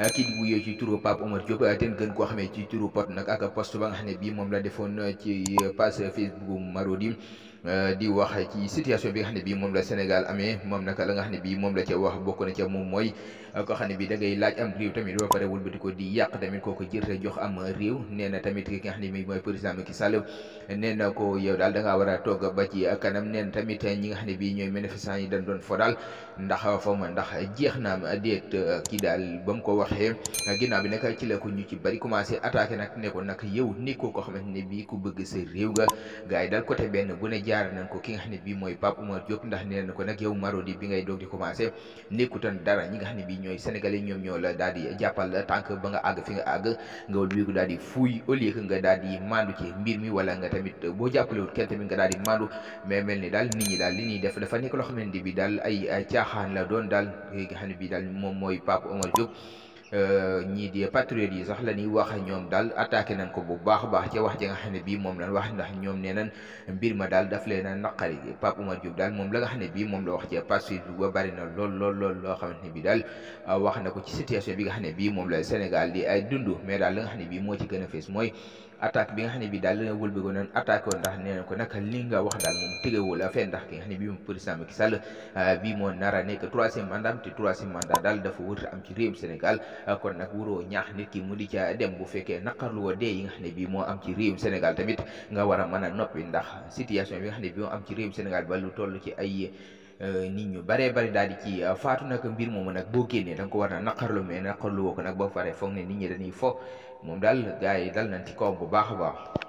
Euh, kii di wuyoo ci turu Pape Omar Diop euh, ten gën koo xamee ci turu pot nag ak post ba nga xam moom la defoon euh, ci page Facebook Marodi Euh, di wax ci situation bi nga xam ne bii moom la Sénégal amee moom naka la nga xam ne bii moom la ca wax bokk na ca moom mooy euh, ko xam ne bii da ngay ba pare wëlbati ko jox am na tamit ki nga xam ne bii mooy président Macky Sall nee na ko yow daal da war a toog ba ci kanam nee na tamit ñi nga xam ne bii ñooy manifestant yi dañ doon fo daal ndax fa ndax jeex naam déet kii daal ba mu ko waxee ginnaaw bi nag ci la ko ñu ci bari commencé attaqué nag nak ko nag yow ni ko ko xamante ne bii ko bëgg sa réew ga gars yi daal côté benn bu ne jaare nañ ko ki nga xam ne bii mooy Pape Oumar Diop ndax nee ko nag yow Marodi bi ngay doog di commencé nekkutan dara ñi nga xam ñooy sénégalais ñoom ñoo la daal di jàppal tànk ba nga àgg fi nga àgg nga wëlbéeku daal di fuuy au lieu nga daal maandu ci mbir mi wala nga tamit boo jàppalewut kenn tamit nga daal di maandu mais mel daal nit daal li ñuy def dafa nekk loo xamante bi daal ay caaxaan la doon daal ki nga xam ne bii daal moom mooy Pape Oumar Diop Euh, ñii di patriotes yi sax la ñuy wax ñoom daal attaqué nañ ko bu baax baax ci wax ji xam ne bii moom lañ wax ndax ñoom nee nañ mbir ma daal daf leen a naqari Pape Oumar daal moom la nga xam ne bii moom la wax ci passé ba bari na lool lool lool ne bii daal euh, wax na ko ci situation bi nga xam ne bii moom la Sénégal di ay euh, dund mais daal nga xam ne bii moo ci gën a fees mooy attaque bi nga xam ne bii daal la wëlbiko noonu attaqué woon ndax nee nañ ko nag li nga wax daal moom tëgewul fenn ndax ki nga xam ne bii moom président Macky Sall bii moo nar a nekk troisième mandat te troisième mandat daal dafa wër am ci réewum Sénégal a ah, kon nag wuroo ñaax nit ki mu di ca dem bu fekkee naqarlu wa dee yi nga xam ne bii moo am ci réewum Sénégal tamit nga war a mën a noppi ndax situation bi nga xam moo am ci réewum Sénégal ba lu toll ci ay eh, nit ñu baree bari daal di ci ah, faatu nag mbir moom nag boo génnee da nga ko war a naqarlu mais naqarlu woo ko nag ba pare foog ne nit ñi dañuy fo moom daal gars yi dal nañ ci kawam bu baax a baax.